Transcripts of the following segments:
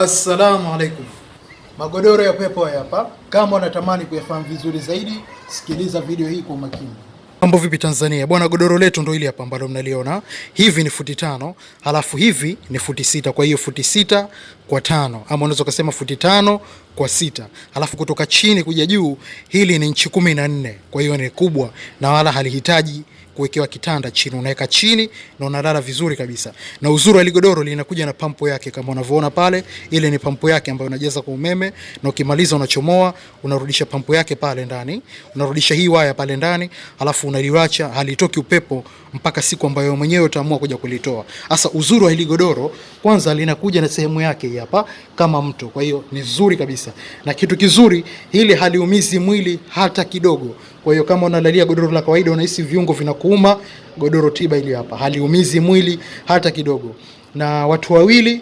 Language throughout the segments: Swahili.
Assalamu alaikum. Magodoro ya pepo hapa. Kama unatamani kuyafahamu vizuri zaidi, sikiliza video hii kwa makini. Mambo vipi Tanzania? Bwana, godoro letu ndo hili hapa ambalo mnaliona. Hivi ni futi tano, halafu hivi ni futi sita. Kwa hiyo futi sita kwa tano, ama unaweza kusema futi tano kwa sita. Halafu kutoka chini kuja juu, hili ni inchi kumi na nne. Kwa hiyo ni kubwa na wala halihitaji kuwekewa kitanda chini, unaweka chini na unalala vizuri kabisa. Na uzuri wa ligodoro linakuja na pampu yake, kama unavyoona pale, ile ni pampu yake ambayo unajaza kwa umeme, na ukimaliza unachomoa, unarudisha pampu yake pale ndani, unarudisha hii waya pale ndani, alafu unaliwacha, halitoki upepo mpaka siku ambayo mwenyewe utaamua kuja kulitoa. Sasa uzuri wa hili godoro kwanza, linakuja na sehemu yake hapa kama mto, kwa hiyo ni zuri kabisa. Na kitu kizuri, hili haliumizi mwili hata kidogo. Kwa hiyo kama unalalia godoro la kawaida unahisi viungo vinakuuma, godoro tiba ili hapa haliumizi mwili hata kidogo, na watu wawili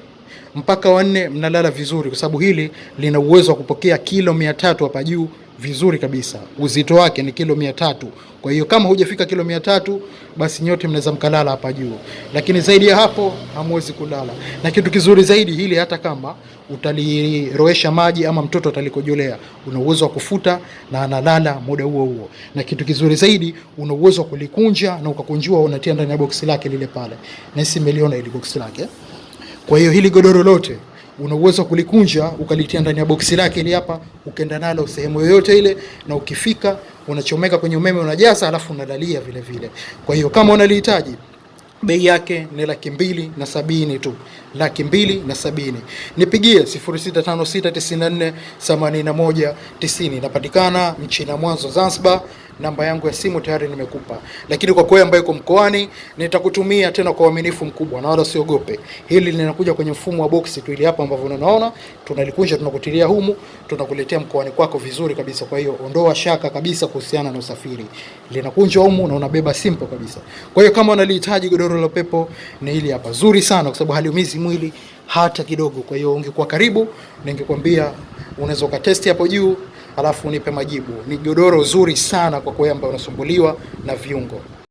mpaka wanne mnalala vizuri, kwa sababu hili lina uwezo wa kupokea kilo mia tatu hapa juu vizuri kabisa. Uzito wake ni kilo mia tatu. Kwa hiyo kama hujafika kilo mia tatu basi nyote mnaweza mkalala hapa juu, lakini zaidi ya hapo hamwezi kulala. Na kitu kizuri zaidi hili, hata kama utaliroesha maji ama mtoto atalikojolea, una uwezo wa kufuta na analala muda huo huo. Na kitu kizuri zaidi, una uwezo wa kulikunja na ukakunjua, unatia ndani ya boksi lake lile pale, na sisi meliona ile boksi lake. Kwa hiyo hili godoro lote una uwezo wa kulikunja ukalitia ndani ya boksi lake ili hapa, ukaenda nalo sehemu yoyote ile, na ukifika unachomeka kwenye umeme, unajaza, alafu unalalia vile vile. Kwa hiyo kama unalihitaji bei yake ni laki mbili na sabini tu, laki mbili na sabini. Nipigie 0656948190 napatikana mchina mwanzo Zanzibar namba yangu ya simu tayari nimekupa, lakini kwa kweli ambaye uko mkoani nitakutumia tena kwa uaminifu mkubwa, na wala usiogope. Hili linakuja kwenye mfumo wa boksi tu, ili hapa ambavyo unaona tunalikunja, tunakutilia humu, tunakuletea mkoani kwako vizuri kabisa. Kwa hiyo ondoa shaka kabisa kuhusiana na usafiri, linakunja humu na unabeba simple kabisa. Kwa hiyo kama unalihitaji godoro la pepo, ni hili hapa, zuri sana kwa sababu haliumizi mwili hata kidogo. Kwa hiyo ungekuwa karibu, ningekwambia unaweza ukatesti hapo juu halafu unipe majibu. Ni godoro zuri sana kwa kwea ambayo unasumbuliwa na viungo.